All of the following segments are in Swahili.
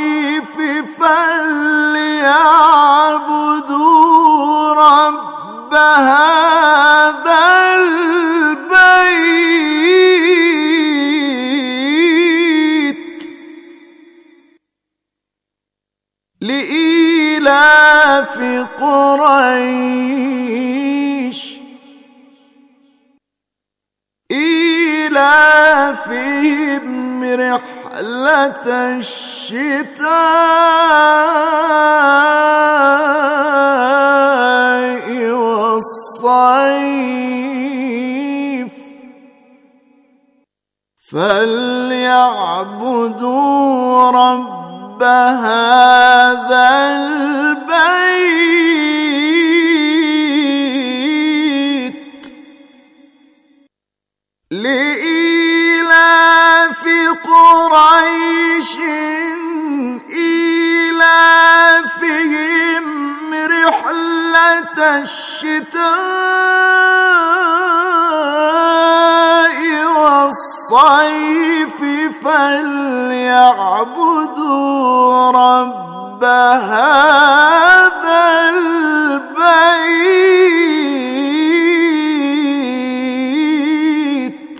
الضيف فليعبدوا رب هذا البيت لإيلاف قريش إيلافهم رحلة الشتاء الشتاء والصيف فليعبدوا رب هذا البيت لإيلاف قريش الشتاء والصيف فليعبدوا رب هذا البيت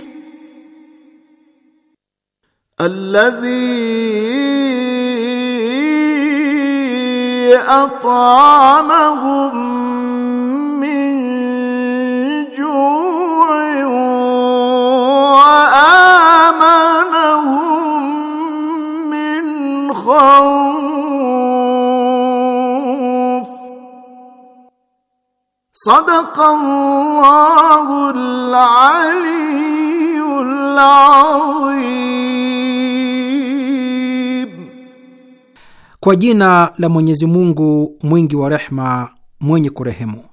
الذي أطعمهم صدق الله العلي العظيم kwa jina la mwenyezi mungu mwingi wa rehma mwenye kurehemu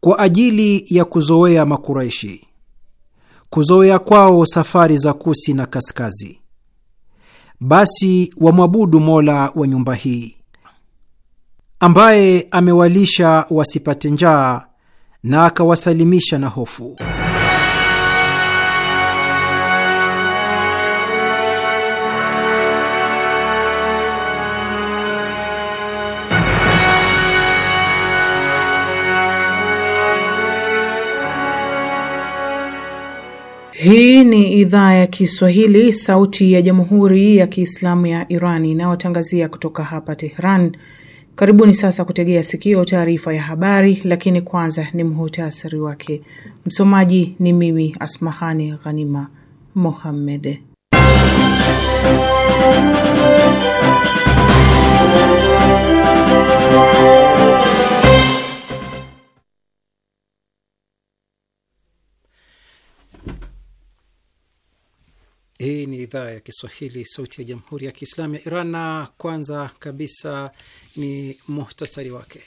kwa ajili ya kuzoea makuraishi kuzoea kwao safari za kusi na kaskazi, basi wamwabudu Mola wa nyumba hii ambaye amewalisha wasipate njaa na akawasalimisha na hofu. Hii ni idhaa ya Kiswahili, sauti ya jamhuri ya kiislamu ya Iran inayotangazia kutoka hapa Tehran. Karibuni sasa kutegea sikio taarifa ya habari, lakini kwanza ni muhutasari wake. Msomaji ni mimi Asmahani Ghanima Mohammed. Hii ni idhaa ya Kiswahili, sauti ya jamhuri ya kiislamu ya Iran, na kwanza kabisa ni muhtasari wake.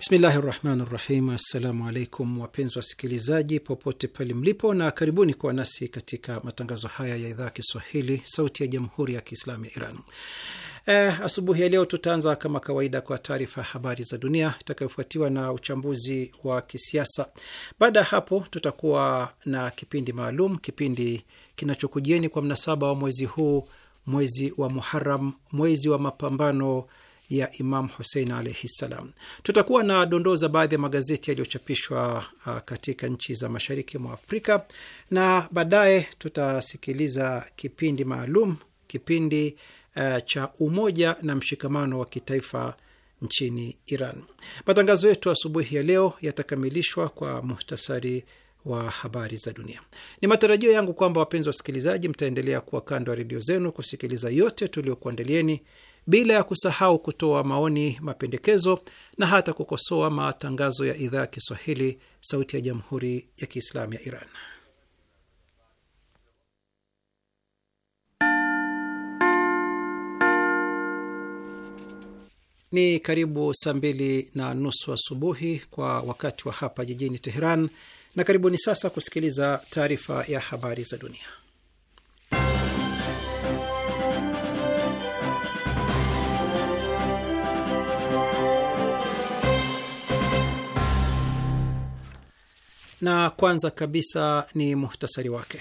Bismillahi rahmani rahim. Assalamu alaikum wapenzi wasikilizaji popote pale mlipo, na karibuni kwa nasi katika matangazo haya ya idhaa ya Kiswahili sauti ya jamhuri ya kiislamu ya Iran. Eh, asubuhi ya leo tutaanza kama kawaida kwa taarifa ya habari za dunia itakayofuatiwa na uchambuzi wa kisiasa. Baada ya hapo, tutakuwa na kipindi maalum, kipindi kinachokujieni kwa mnasaba wa mwezi huu, mwezi wa Muharam, mwezi wa mapambano ya Imam Husein alaihi ssalam. Tutakuwa na dondoo za baadhi ya magazeti yaliyochapishwa uh, katika nchi za mashariki mwa Afrika, na baadaye tutasikiliza kipindi maalum, kipindi uh, cha umoja na mshikamano wa kitaifa nchini Iran. Matangazo yetu asubuhi ya leo yatakamilishwa kwa muhtasari wa habari za dunia. Ni matarajio yangu kwamba wapenzi wa wasikilizaji, mtaendelea kuwa kando ya redio zenu kusikiliza yote tuliokuandalieni bila ya kusahau kutoa maoni, mapendekezo na hata kukosoa matangazo ya idhaa ya Kiswahili, Sauti ya Jamhuri ya Kiislamu ya Iran. Ni karibu saa mbili na nusu asubuhi kwa wakati wa hapa jijini Teheran, na karibuni sasa kusikiliza taarifa ya habari za dunia. na kwanza kabisa ni muhtasari wake.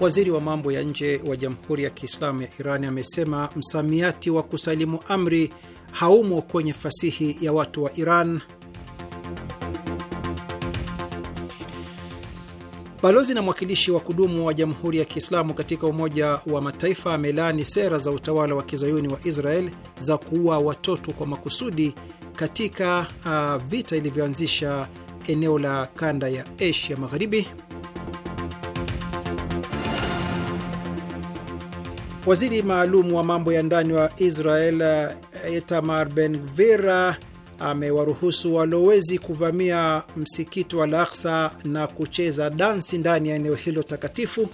Waziri wa mambo ya nje wa Jamhuri ya Kiislamu ya Iran amesema msamiati wa kusalimu amri haumo kwenye fasihi ya watu wa Iran. Balozi na mwakilishi wa kudumu wa Jamhuri ya Kiislamu katika Umoja wa Mataifa amelaani sera za utawala wa kizayuni wa Israel za kuua watoto kwa makusudi katika uh, vita ilivyoanzisha eneo la kanda ya Asia Magharibi. Waziri maalum wa mambo ya ndani wa Israel uh, Itamar Ben amewaruhusu walowezi kuvamia msikiti wa Al-Aqsa na kucheza dansi ndani ya eneo hilo takatifu.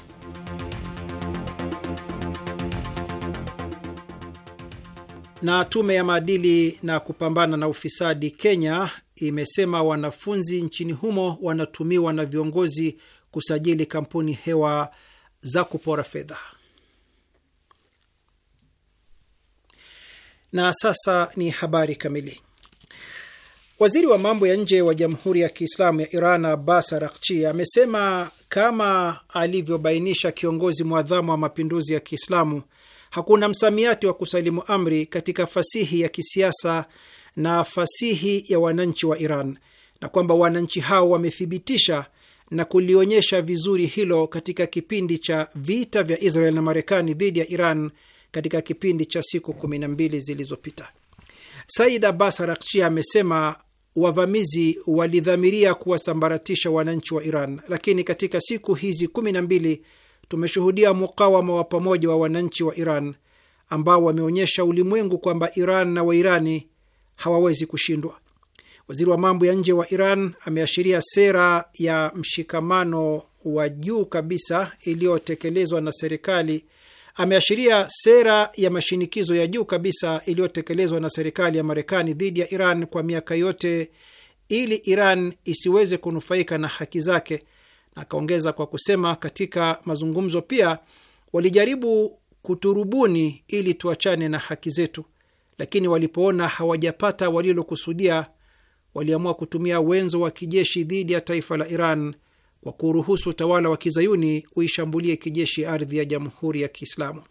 Na tume ya maadili na kupambana na ufisadi Kenya imesema wanafunzi nchini humo wanatumiwa na viongozi kusajili kampuni hewa za kupora fedha. Na sasa ni habari kamili. Waziri wa mambo ya nje wa Jamhuri ya Kiislamu ya Iran Abbas Araghchi amesema kama alivyobainisha kiongozi mwadhamu wa mapinduzi ya Kiislamu, hakuna msamiati wa kusalimu amri katika fasihi ya kisiasa na fasihi ya wananchi wa Iran, na kwamba wananchi hao wamethibitisha na kulionyesha vizuri hilo katika kipindi cha vita vya Israel na Marekani dhidi ya Iran katika kipindi cha siku 12 zilizopita. Said Abbas Araghchi amesema wavamizi walidhamiria kuwasambaratisha wananchi wa Iran, lakini katika siku hizi kumi na mbili tumeshuhudia mukawama wa pamoja wa wananchi wa Iran ambao wameonyesha ulimwengu kwamba Iran na Wairani hawawezi kushindwa. Waziri wa mambo ya nje wa Iran ameashiria sera ya mshikamano wa juu kabisa iliyotekelezwa na serikali ameashiria sera ya mashinikizo ya juu kabisa iliyotekelezwa na serikali ya Marekani dhidi ya Iran kwa miaka yote ili Iran isiweze kunufaika na haki zake, na akaongeza kwa kusema, katika mazungumzo pia walijaribu kuturubuni ili tuachane na haki zetu, lakini walipoona hawajapata walilokusudia, waliamua kutumia wenzo wa kijeshi dhidi ya taifa la Iran kwa kuruhusu utawala wa kizayuni uishambulie kijeshi ardhi ya Jamhuri ya Kiislamu,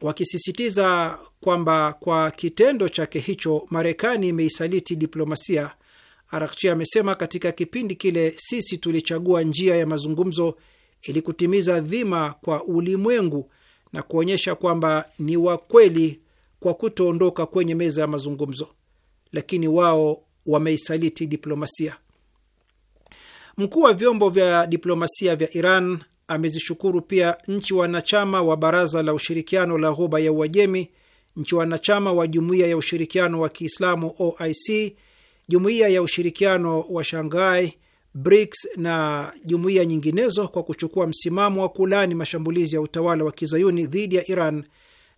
wakisisitiza kwamba kwa kitendo chake hicho Marekani imeisaliti diplomasia. Arakchi amesema katika kipindi kile sisi tulichagua njia ya mazungumzo ili kutimiza dhima kwa ulimwengu na kuonyesha kwamba ni wakweli kwa kutoondoka kwenye meza ya mazungumzo, lakini wao wameisaliti diplomasia. Mkuu wa vyombo vya diplomasia vya Iran amezishukuru pia nchi wanachama wa Baraza la Ushirikiano la Ghuba ya Uajemi, nchi wanachama wa Jumuiya ya Ushirikiano wa Kiislamu OIC, Jumuiya ya Ushirikiano wa Shanghai BRICS na jumuiya nyinginezo kwa kuchukua msimamo wa kulani mashambulizi ya utawala wa kizayuni dhidi ya Iran,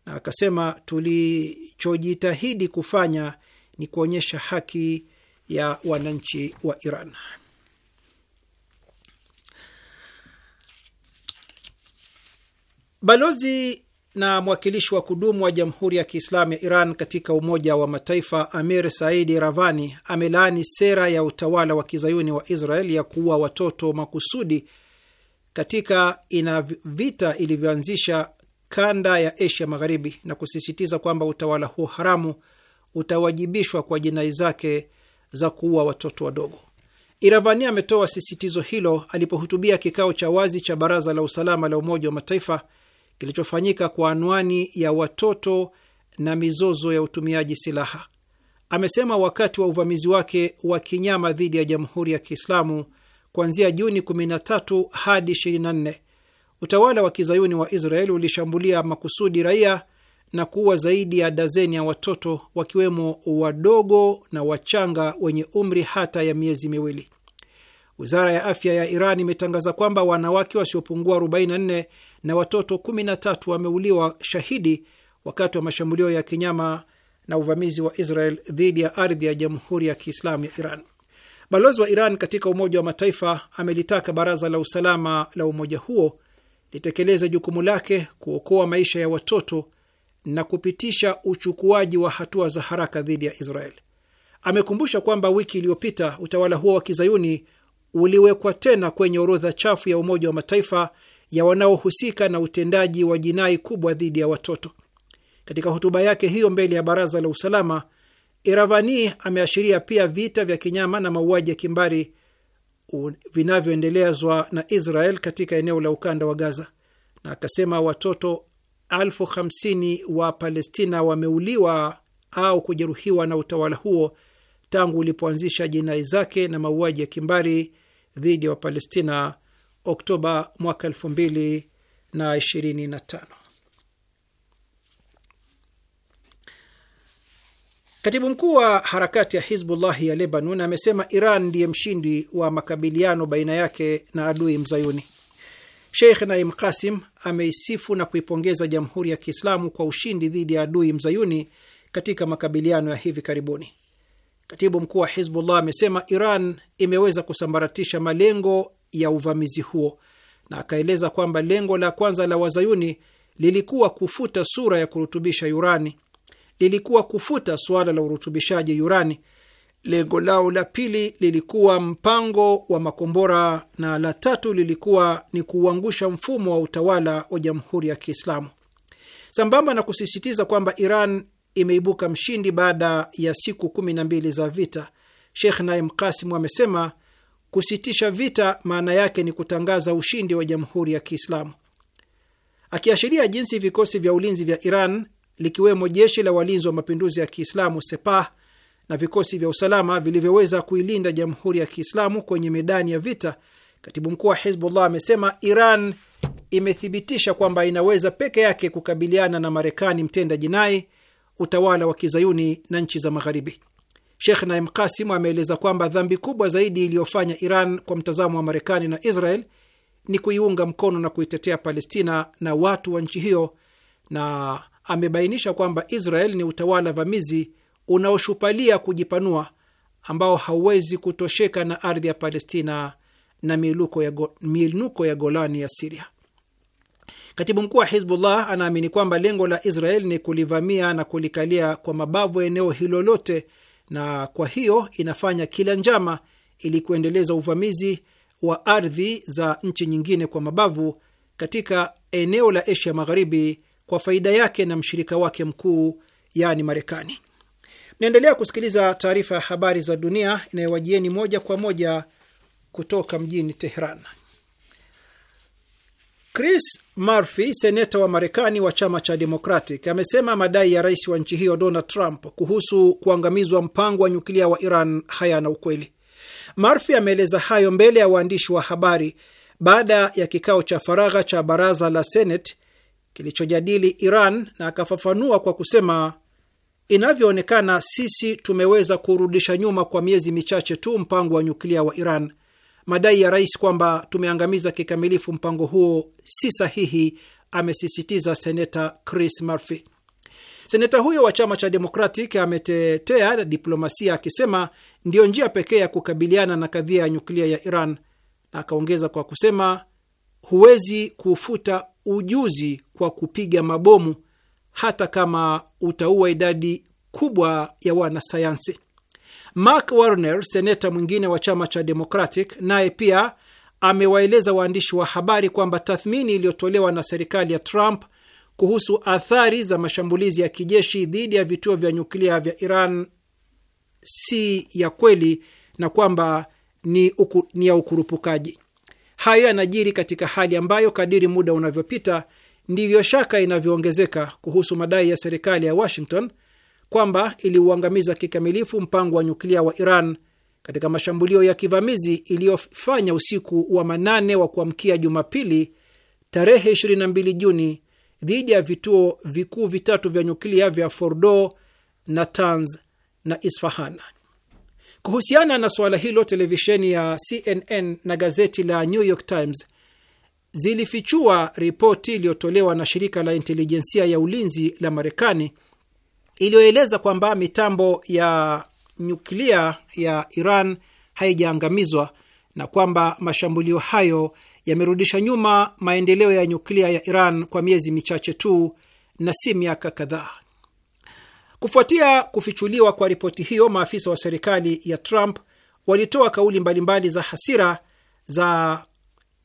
na akasema tulichojitahidi kufanya ni kuonyesha haki ya wananchi wa Iran. Balozi na mwakilishi wa kudumu wa Jamhuri ya Kiislamu ya Iran katika Umoja wa Mataifa Amir Saidi Ravani amelaani sera ya utawala wa kizayuni wa Israel ya kuua watoto makusudi katika ina vita ilivyoanzisha kanda ya Asia Magharibi na kusisitiza kwamba utawala huo haramu utawajibishwa kwa jinai zake za kuua watoto wadogo. Iravani ametoa sisitizo hilo alipohutubia kikao cha wazi cha Baraza la Usalama la Umoja wa Mataifa kilichofanyika kwa anwani ya watoto na mizozo ya utumiaji silaha. Amesema wakati wa uvamizi wake wa kinyama dhidi ya Jamhuri ya Kiislamu kuanzia Juni 13 hadi 24, utawala wa kizayuni wa Israeli ulishambulia makusudi raia na kuua zaidi ya dazeni ya watoto wakiwemo wadogo na wachanga wenye umri hata ya miezi miwili. Wizara ya afya ya Iran imetangaza kwamba wanawake wasiopungua 44 na watoto 13 wameuliwa shahidi wakati wa mashambulio ya kinyama na uvamizi wa Israel dhidi ya ardhi ya Jamhuri ya Kiislamu ya Iran. Balozi wa Iran katika Umoja wa Mataifa amelitaka Baraza la Usalama la umoja huo litekeleze jukumu lake kuokoa maisha ya watoto na kupitisha uchukuaji wa hatua za haraka dhidi ya Israel. Amekumbusha kwamba wiki iliyopita utawala huo wa kizayuni uliwekwa tena kwenye orodha chafu ya Umoja wa Mataifa ya wanaohusika na utendaji wa jinai kubwa dhidi ya watoto. Katika hotuba yake hiyo mbele ya Baraza la Usalama, Iravani ameashiria pia vita vya kinyama na mauaji ya kimbari vinavyoendelezwa na Israel katika eneo la ukanda wa Gaza, na akasema watoto elfu hamsini wa Palestina wameuliwa au kujeruhiwa na utawala huo tangu ulipoanzisha jinai zake na mauaji ya kimbari dhidi ya Wapalestina Oktoba mwaka elfu mbili na ishirini na tano. Katibu mkuu wa harakati ya Hizbullahi ya Lebanon amesema Iran ndiye mshindi wa makabiliano baina yake na adui mzayuni. Sheikh Naim Kasim ameisifu na kuipongeza Jamhuri ya Kiislamu kwa ushindi dhidi ya adui mzayuni katika makabiliano ya hivi karibuni. Katibu mkuu wa Hizbullah amesema Iran imeweza kusambaratisha malengo ya uvamizi huo, na akaeleza kwamba lengo la kwanza la wazayuni lilikuwa kufuta sura ya kurutubisha urani, lilikuwa kufuta suala la urutubishaji urani. Lengo lao la pili lilikuwa mpango wa makombora na la tatu lilikuwa ni kuuangusha mfumo wa utawala wa jamhuri ya Kiislamu, sambamba na kusisitiza kwamba Iran imeibuka mshindi baada ya siku kumi na mbili za vita. Sheikh Naim Kasimu amesema kusitisha vita maana yake ni kutangaza ushindi wa jamhuri ya Kiislamu, akiashiria jinsi vikosi vya ulinzi vya Iran likiwemo jeshi la walinzi wa mapinduzi ya Kiislamu Sepah na vikosi vya usalama vilivyoweza kuilinda jamhuri ya Kiislamu kwenye medani ya vita. Katibu mkuu wa Hizbullah amesema Iran imethibitisha kwamba inaweza peke yake kukabiliana na Marekani mtenda jinai utawala wa kizayuni na nchi za Magharibi. Sheikh Naim Kasim ameeleza kwamba dhambi kubwa zaidi iliyofanya Iran kwa mtazamo wa Marekani na Israel ni kuiunga mkono na kuitetea Palestina na watu wa nchi hiyo, na amebainisha kwamba Israel ni utawala vamizi unaoshupalia kujipanua ambao hauwezi kutosheka na ardhi ya Palestina na miinuko ya Golani ya Siria. Katibu mkuu wa Hizbullah anaamini kwamba lengo la Israel ni kulivamia na kulikalia kwa mabavu eneo hilo lote, na kwa hiyo inafanya kila njama ili kuendeleza uvamizi wa ardhi za nchi nyingine kwa mabavu katika eneo la Asia Magharibi kwa faida yake na mshirika wake mkuu, yaani Marekani. Mnaendelea kusikiliza taarifa ya habari za dunia inayowajieni moja kwa moja kutoka mjini teheran Chris Murphy, seneta wa Marekani wa chama cha Democratic, amesema madai ya rais wa nchi hiyo Donald Trump kuhusu kuangamizwa mpango wa nyuklia wa Iran hayana ukweli. Murphy ameeleza hayo mbele ya waandishi wa habari baada ya kikao cha faragha cha baraza la Senate kilichojadili Iran na akafafanua kwa kusema, inavyoonekana sisi tumeweza kurudisha nyuma kwa miezi michache tu mpango wa nyuklia wa Iran Madai ya rais kwamba tumeangamiza kikamilifu mpango huo si sahihi, amesisitiza seneta Chris Murphy. Seneta huyo wa chama cha Democratic ametetea diplomasia akisema ndiyo njia pekee ya kukabiliana na kadhia ya nyuklia ya Iran, na akaongeza kwa kusema huwezi kufuta ujuzi kwa kupiga mabomu, hata kama utaua idadi kubwa ya wanasayansi. Mark Warner, seneta mwingine wa chama cha Democratic, naye pia amewaeleza waandishi wa habari kwamba tathmini iliyotolewa na serikali ya Trump kuhusu athari za mashambulizi ya kijeshi dhidi ya vituo vya nyuklia vya Iran si ya kweli na kwamba ni, uku, ni ya ukurupukaji. Hayo yanajiri katika hali ambayo kadiri muda unavyopita ndivyo shaka inavyoongezeka kuhusu madai ya serikali ya Washington kwamba iliuangamiza kikamilifu mpango wa nyuklia wa Iran katika mashambulio ya kivamizi iliyofanya usiku wa manane wa kuamkia Jumapili tarehe 22 Juni dhidi ya vituo vikuu vitatu vya nyuklia vya Fordo, Natanz na Isfahana. Kuhusiana na suala hilo, televisheni ya CNN na gazeti la New York Times zilifichua ripoti iliyotolewa na shirika la intelijensia ya ulinzi la Marekani iliyoeleza kwamba mitambo ya nyuklia ya Iran haijaangamizwa na kwamba mashambulio hayo yamerudisha nyuma maendeleo ya nyuklia ya Iran kwa miezi michache tu na si miaka kadhaa. Kufuatia kufichuliwa kwa ripoti hiyo, maafisa wa serikali ya Trump walitoa kauli mbalimbali za hasira za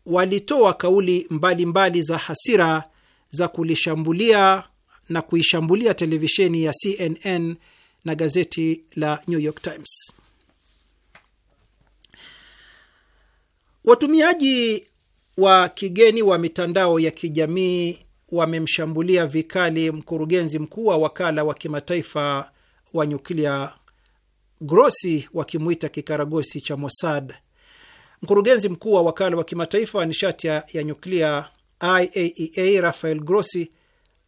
walitoa kauli mbalimbali za hasira za kulishambulia na kuishambulia televisheni ya CNN na gazeti la New York Times. Watumiaji wa kigeni wa mitandao ya kijamii wamemshambulia vikali mkurugenzi mkuu wa wakala wa kimataifa wa nyuklia Grossi, wakimwita kikaragosi cha Mossad. Mkurugenzi mkuu wa wakala wa kimataifa wa nishati ya nyuklia IAEA e Rafael Grossi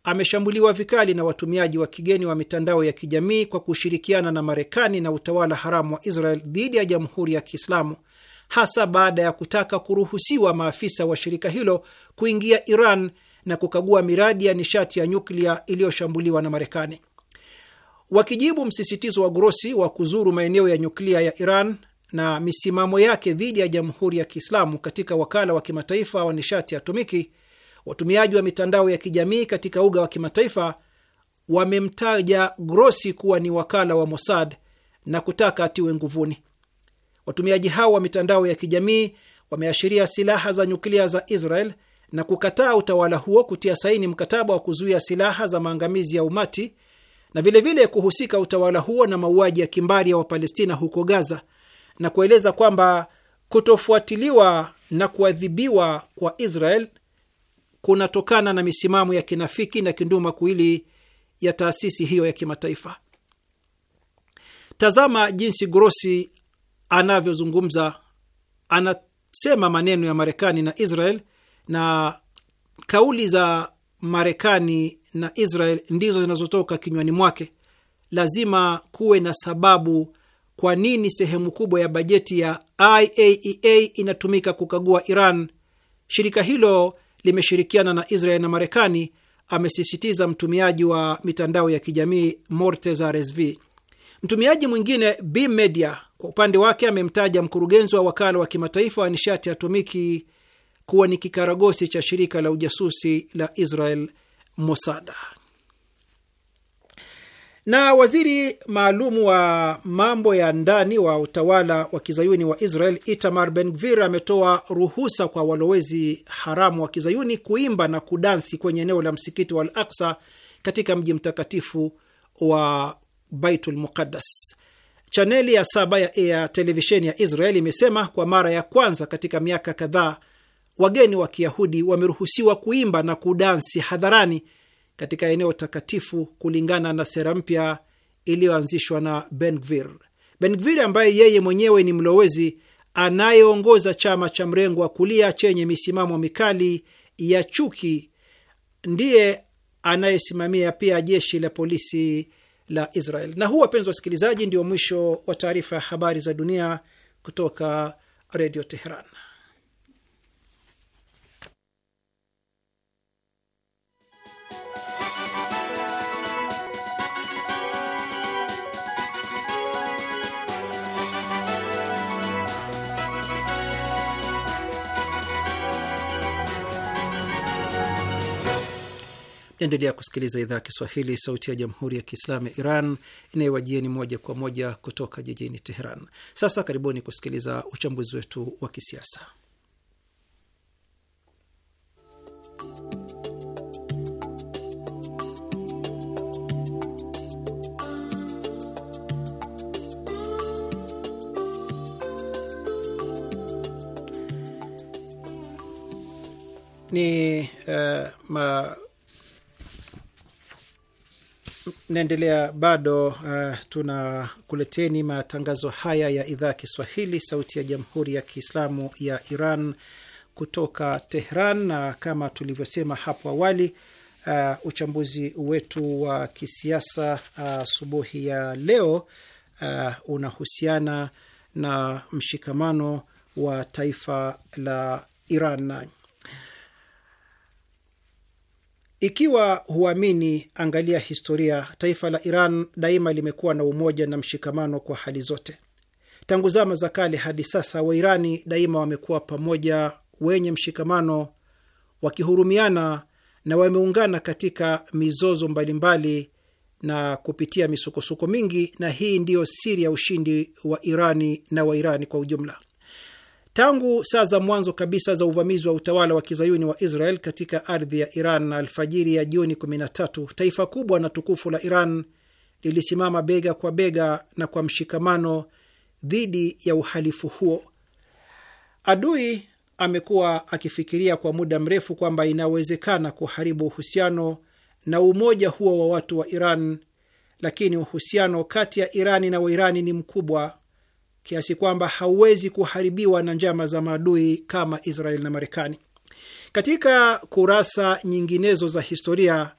ameshambuliwa vikali na watumiaji wa kigeni wa mitandao ya kijamii kwa kushirikiana na Marekani na utawala haramu wa Israel dhidi ya Jamhuri ya Kiislamu, hasa baada ya kutaka kuruhusiwa maafisa wa shirika hilo kuingia Iran na kukagua miradi ya nishati ya nyuklia iliyoshambuliwa na Marekani. Wakijibu msisitizo wa Grossi wa kuzuru maeneo ya nyuklia ya Iran na misimamo yake dhidi ya Jamhuri ya Kiislamu katika wakala wa kimataifa wa nishati atomiki, Watumiaji wa mitandao ya kijamii katika uga wa kimataifa wamemtaja Grossi kuwa ni wakala wa Mossad na kutaka atiwe nguvuni. Watumiaji hao wa mitandao ya kijamii wameashiria silaha za nyuklia za Israel na kukataa utawala huo kutia saini mkataba wa kuzuia silaha za maangamizi ya umati na vilevile vile kuhusika utawala huo na mauaji ya kimbari ya Wapalestina huko Gaza na kueleza kwamba kutofuatiliwa na kuadhibiwa kwa Israel kunatokana na misimamo ya kinafiki na kinduma kuili ya taasisi hiyo ya kimataifa. Tazama jinsi Grossi anavyozungumza, anasema maneno ya Marekani na Israel, na kauli za Marekani na Israel ndizo zinazotoka kinywani mwake. Lazima kuwe na sababu kwa nini sehemu kubwa ya bajeti ya IAEA e inatumika kukagua Iran. Shirika hilo limeshirikiana na Israel na Marekani, amesisitiza mtumiaji wa mitandao ya kijamii rsv Mtumiaji mwingine B Media kwa upande wake amemtaja mkurugenzi wa wakala wa kimataifa wa nishati atomiki kuwa ni kikaragosi cha shirika la ujasusi la Israel Mosada. Na waziri maalumu wa mambo ya ndani wa utawala wa kizayuni wa Israel Itamar Ben Gvir ametoa ruhusa kwa walowezi haramu wa kizayuni kuimba na kudansi kwenye eneo la msikiti wa Al Aksa katika mji mtakatifu wa Baitul Muqaddas. Chaneli ya saba ya, ya televisheni ya Israel imesema kwa mara ya kwanza katika miaka kadhaa wageni wa Kiyahudi wameruhusiwa kuimba na kudansi hadharani katika eneo takatifu kulingana na sera mpya iliyoanzishwa na Ben-Gvir. Ben-Gvir ambaye yeye mwenyewe ni mlowezi anayeongoza chama cha mrengo wa kulia chenye misimamo mikali ya chuki ndiye anayesimamia pia jeshi la polisi la Israel. Na huu, wapenzi wasikilizaji, ndio mwisho wa taarifa ya habari za dunia kutoka Redio Teheran. endelea kusikiliza idhaa ya Kiswahili, sauti ya jamhuri ya kiislamu ya Iran inayowajieni moja kwa moja kutoka jijini Teheran. Sasa karibuni kusikiliza uchambuzi wetu wa kisiasa. Ni uh, ma naendelea bado. Uh, tunakuleteni matangazo haya ya idhaa ya Kiswahili, sauti ya jamhuri ya kiislamu ya Iran kutoka Tehran, na kama tulivyosema hapo awali Uh, uchambuzi wetu wa kisiasa uh, asubuhi uh, ya leo uh, unahusiana na mshikamano wa taifa la Iran. Ikiwa huamini, angalia historia. Taifa la Iran daima limekuwa na umoja na mshikamano kwa hali zote. Tangu zama za kale hadi sasa, Wairani daima wamekuwa pamoja, wenye mshikamano, wakihurumiana na wameungana katika mizozo mbalimbali na kupitia misukosuko mingi, na hii ndiyo siri ya ushindi wa Irani na Wairani kwa ujumla. Tangu saa za mwanzo kabisa za uvamizi wa utawala wa kizayuni wa Israel katika ardhi ya Iran na alfajiri ya Juni 13, taifa kubwa na tukufu la Iran lilisimama bega kwa bega na kwa mshikamano dhidi ya uhalifu huo. Adui amekuwa akifikiria kwa muda mrefu kwamba inawezekana kuharibu uhusiano na umoja huo wa watu wa Iran, lakini uhusiano kati ya Irani na Wairani ni mkubwa kiasi kwamba hauwezi kuharibiwa na njama za maadui kama israel na Marekani. Katika kurasa nyinginezo za historia,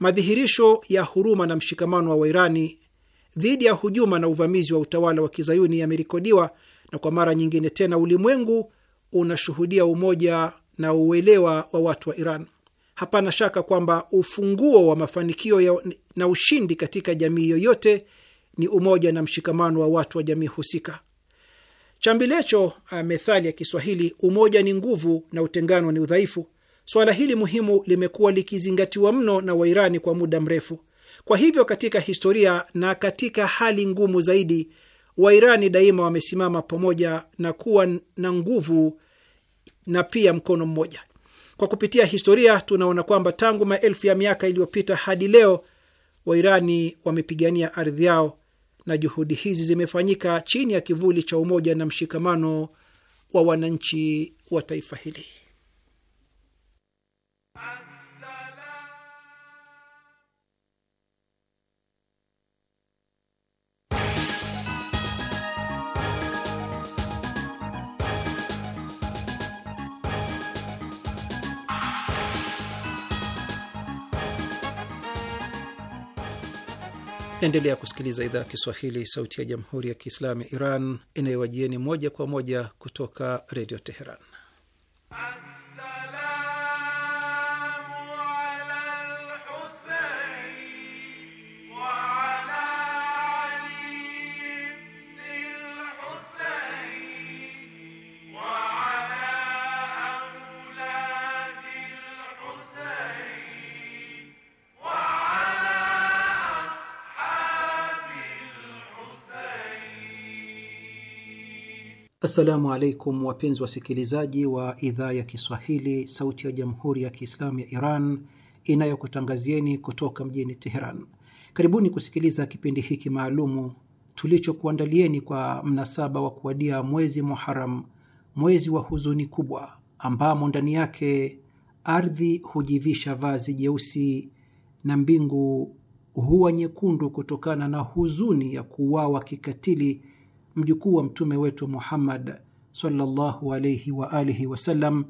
madhihirisho ya huruma na mshikamano wa Wairani dhidi ya hujuma na uvamizi wa utawala wa kizayuni yamerekodiwa, na kwa mara nyingine tena ulimwengu unashuhudia umoja na uelewa wa watu wa Iran. Hapana shaka kwamba ufunguo wa mafanikio ya na ushindi katika jamii yoyote ni umoja na mshikamano wa watu wa jamii husika. Chambilecho uh, methali ya Kiswahili, umoja ni nguvu na utengano ni udhaifu. Suala hili muhimu limekuwa likizingatiwa mno na Wairani kwa muda mrefu. Kwa hivyo, katika historia na katika hali ngumu zaidi, Wairani daima wamesimama pamoja na kuwa na nguvu na pia mkono mmoja. Kwa kupitia historia tunaona kwamba tangu maelfu ya miaka iliyopita hadi leo Wairani wamepigania ardhi yao na juhudi hizi zimefanyika chini ya kivuli cha umoja na mshikamano wa wananchi wa taifa hili. Naendelea kusikiliza idhaa ya Kiswahili, sauti ya jamhuri ya kiislamu ya Iran inayowajieni moja kwa moja kutoka redio Teheran. Assalamu alaikum wapenzi wasikilizaji wa idhaa ya Kiswahili, sauti ya jamhuri ya kiislamu ya Iran inayokutangazieni kutoka mjini Teheran. Karibuni kusikiliza kipindi hiki maalumu tulichokuandalieni kwa mnasaba wa kuwadia mwezi Muharam, mwezi wa huzuni kubwa, ambamo ndani yake ardhi hujivisha vazi jeusi na mbingu huwa nyekundu kutokana na huzuni ya kuuawa kikatili mjukuu wa mtume wetu Muhammad sallallahu alayhi wa alihi wasallam,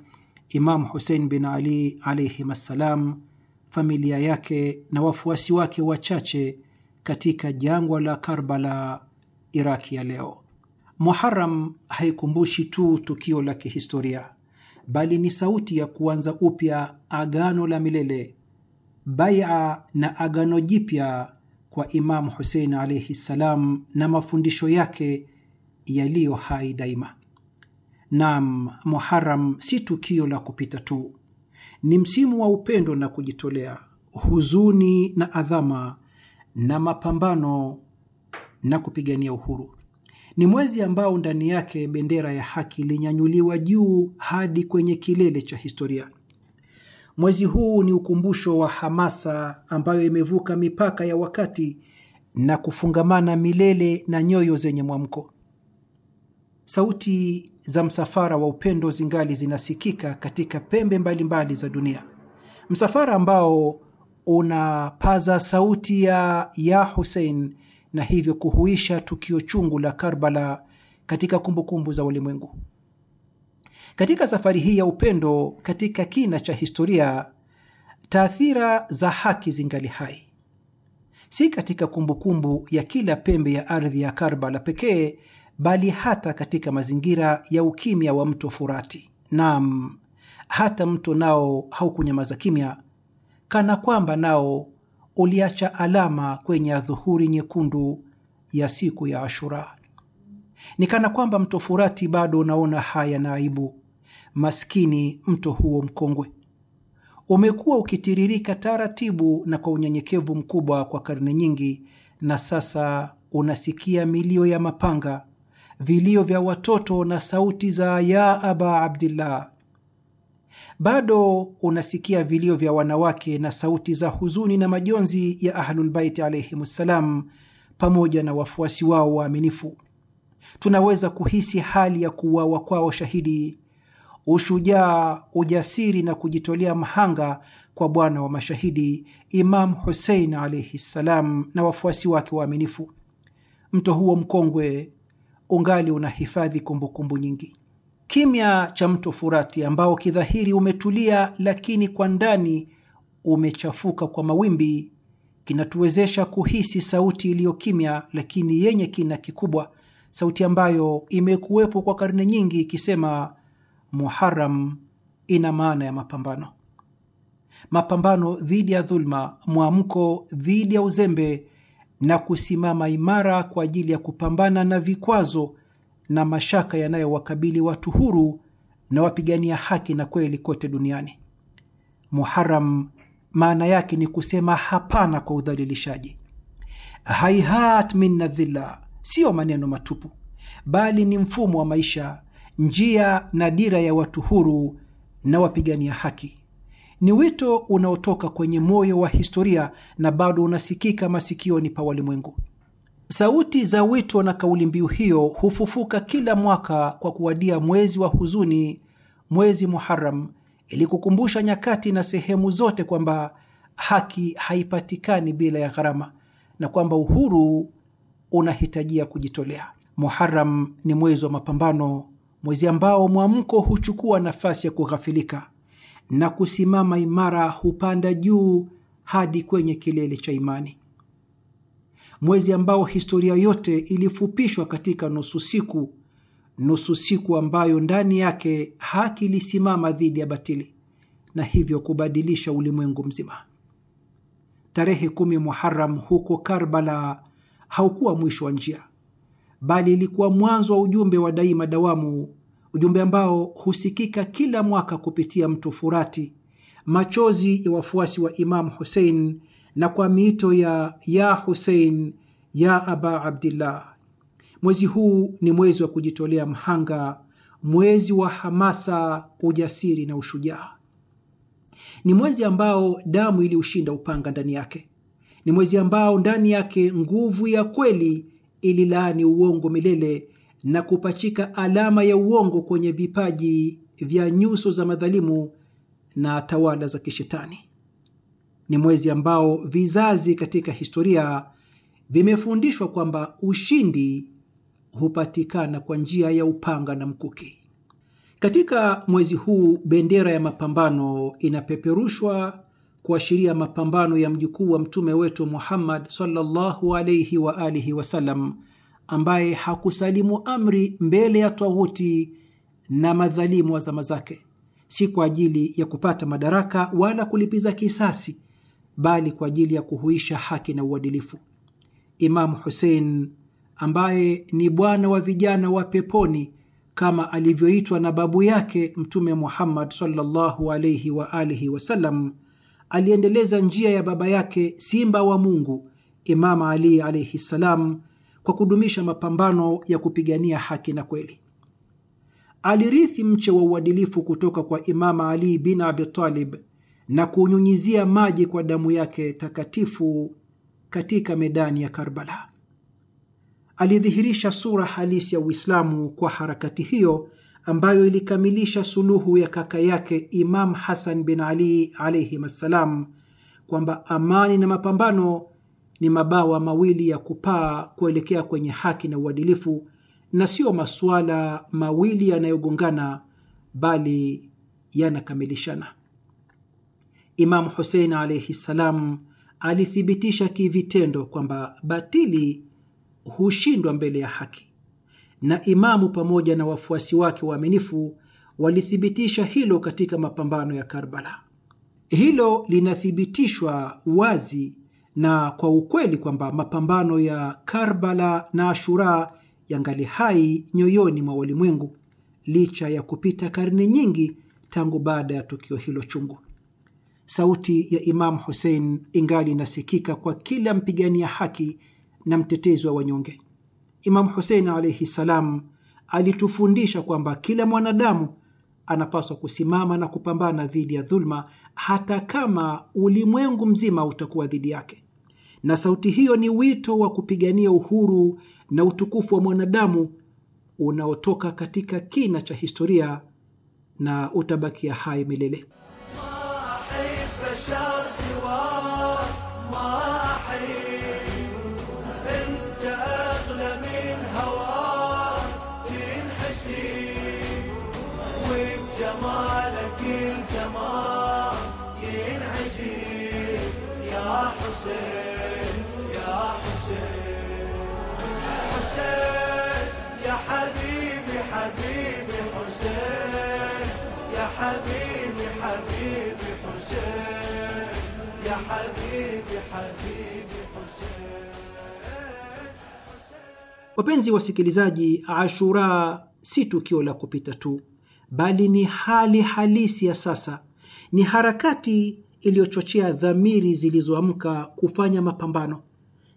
Imam Hussein bin Ali alayhim assalam, familia yake na wafuasi wake wachache katika jangwa la Karbala, Iraki ya leo. Muharam haikumbushi tu tukio la kihistoria, bali ni sauti ya kuanza upya agano la milele, baia na agano jipya kwa Imamu Husein alaihi ssalam na mafundisho yake yaliyo hai daima. Naam, Muharam si tukio la kupita tu, ni msimu wa upendo na kujitolea, huzuni na adhama, na mapambano na kupigania uhuru. Ni mwezi ambao ndani yake bendera ya haki ilinyanyuliwa juu hadi kwenye kilele cha historia. Mwezi huu ni ukumbusho wa hamasa ambayo imevuka mipaka ya wakati na kufungamana milele na nyoyo zenye mwamko. Sauti za msafara wa upendo zingali zinasikika katika pembe mbalimbali mbali za dunia, msafara ambao unapaza sauti ya ya Hussein na hivyo kuhuisha tukio chungu la Karbala katika kumbukumbu kumbu za ulimwengu. Katika safari hii ya upendo katika kina cha historia, taathira za haki zingali hai, si katika kumbukumbu kumbu ya kila pembe ya ardhi ya Karbala pekee bali hata katika mazingira ya ukimya wa mto Furati. Naam, hata mto nao haukunyamaza kimya, kana kwamba nao uliacha alama kwenye adhuhuri nyekundu ya siku ya Ashura. Ni kana kwamba mto Furati bado unaona haya na aibu. Maskini mto huo mkongwe umekuwa ukitiririka taratibu na kwa unyenyekevu mkubwa kwa karne nyingi, na sasa unasikia milio ya mapanga, vilio vya watoto na sauti za ya aba Abdillah. Bado unasikia vilio vya wanawake na sauti za huzuni na majonzi ya Ahlulbaiti alaihimussalam, pamoja na wafuasi wao waaminifu. Tunaweza kuhisi hali ya kuuawa kwao shahidi, ushujaa, ujasiri na kujitolea mhanga kwa bwana wa mashahidi Imam Husein alaihi ssalam na wafuasi wake waaminifu. Mto huo mkongwe ungali unahifadhi kumbukumbu nyingi. Kimya cha mto Furati ambao kidhahiri umetulia, lakini kwa ndani umechafuka kwa mawimbi, kinatuwezesha kuhisi sauti iliyo kimya lakini yenye kina kikubwa, sauti ambayo imekuwepo kwa karne nyingi ikisema muharam ina maana ya mapambano, mapambano dhidi ya dhulma, mwamko dhidi ya uzembe na kusimama imara kwa ajili ya kupambana na vikwazo na mashaka yanayowakabili watu huru na wapigania haki na kweli kote duniani. Muharam maana yake ni kusema hapana kwa udhalilishaji. Haihat min dhilla siyo maneno matupu, bali ni mfumo wa maisha, njia na dira ya watu huru na wapigania haki. Ni wito unaotoka kwenye moyo wa historia na bado unasikika masikioni pa walimwengu. Sauti za wito na kauli mbiu hiyo hufufuka kila mwaka kwa kuwadia mwezi wa huzuni, mwezi muharam ili kukumbusha nyakati na sehemu zote kwamba haki haipatikani bila ya gharama na kwamba uhuru unahitajia kujitolea. muharam ni mwezi wa mapambano, mwezi ambao mwamko huchukua nafasi ya kughafilika na kusimama imara hupanda juu hadi kwenye kilele cha imani. Mwezi ambao historia yote ilifupishwa katika nusu siku, nusu siku ambayo ndani yake haki ilisimama dhidi ya batili na hivyo kubadilisha ulimwengu mzima. Tarehe kumi Muharam huko Karbala haukuwa mwisho wa njia, bali ilikuwa mwanzo wa ujumbe wa daima dawamu ujumbe ambao husikika kila mwaka kupitia mto Furati, machozi ya wafuasi wa Imamu Husein na kwa miito ya ya Husein, ya aba Abdillah. Mwezi huu ni mwezi wa kujitolea mhanga, mwezi wa hamasa, ujasiri na ushujaa. Ni mwezi ambao damu iliushinda upanga ndani yake. Ni mwezi ambao ndani yake nguvu ya kweli ililaani uongo milele na kupachika alama ya uongo kwenye vipaji vya nyuso za madhalimu na tawala za kishetani. Ni mwezi ambao vizazi katika historia vimefundishwa kwamba ushindi hupatikana kwa njia ya upanga na mkuki. Katika mwezi huu bendera ya mapambano inapeperushwa kuashiria mapambano ya mjukuu wa mtume wetu Muhammad sallallahu alayhi wa alihi wasallam ambaye hakusalimu amri mbele ya tawuti na madhalimu wa zama zake, si kwa ajili ya kupata madaraka wala kulipiza kisasi, bali kwa ajili ya kuhuisha haki na uadilifu. Imamu Hussein ambaye ni bwana wa vijana wa peponi kama alivyoitwa na babu yake Mtume Muhammad sallallahu alayhi wa alihi wasallam, aliendeleza njia ya baba yake simba wa Mungu Imam Ali alayhi salam kwa kudumisha mapambano ya kupigania haki na kweli. Alirithi mche wa uadilifu kutoka kwa Imama Ali bin Abi Talib na kunyunyizia maji kwa damu yake takatifu katika medani ya Karbala. Alidhihirisha sura halisi ya Uislamu kwa harakati hiyo ambayo ilikamilisha suluhu ya kaka yake Imam Hasan bin Ali alayhim assalam, kwamba amani na mapambano ni mabawa mawili ya kupaa kuelekea kwenye haki na uadilifu, na sio masuala mawili yanayogongana, bali yanakamilishana. Imamu Husein alaihi ssalam alithibitisha kivitendo kwamba batili hushindwa mbele ya haki, na imamu pamoja na wafuasi wake waaminifu walithibitisha hilo katika mapambano ya Karbala. Hilo linathibitishwa wazi na kwa ukweli kwamba mapambano ya Karbala na Ashura yangali hai nyoyoni mwa walimwengu licha ya kupita karne nyingi tangu baada ya tukio hilo chungu. Sauti ya Imamu Hussein ingali inasikika kwa kila mpigania haki na mtetezi wa wanyonge. Imamu Hussein alaihi salam alitufundisha kwamba kila mwanadamu anapaswa kusimama na kupambana dhidi ya dhulma hata kama ulimwengu mzima utakuwa dhidi yake na sauti hiyo ni wito wa kupigania uhuru na utukufu wa mwanadamu unaotoka katika kina cha historia na utabakia hai milele. Wapenzi wasikilizaji, Ashura si tukio la kupita tu, bali ni hali halisi ya sasa. Ni harakati iliyochochea dhamiri zilizoamka kufanya mapambano.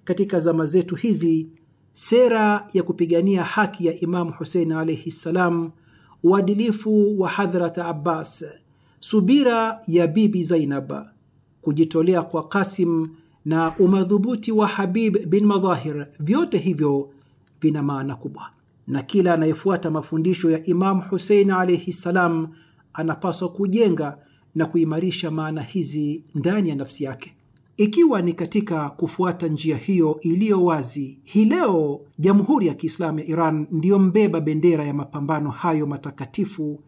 Katika zama zetu hizi, sera ya kupigania haki ya Imamu Husein alaihi ssalam, uadilifu wa Hadhrat Abbas, subira ya Bibi Zainab, kujitolea kwa Kasim na umadhubuti wa Habib bin Madhahir, vyote hivyo vina maana kubwa, na kila anayefuata mafundisho ya Imamu Husein alaihi ssalam anapaswa kujenga na kuimarisha maana hizi ndani ya nafsi yake. Ikiwa ni katika kufuata njia hiyo iliyo wazi, hii leo Jamhuri ya Kiislamu ya Iran ndiyo mbeba bendera ya mapambano hayo matakatifu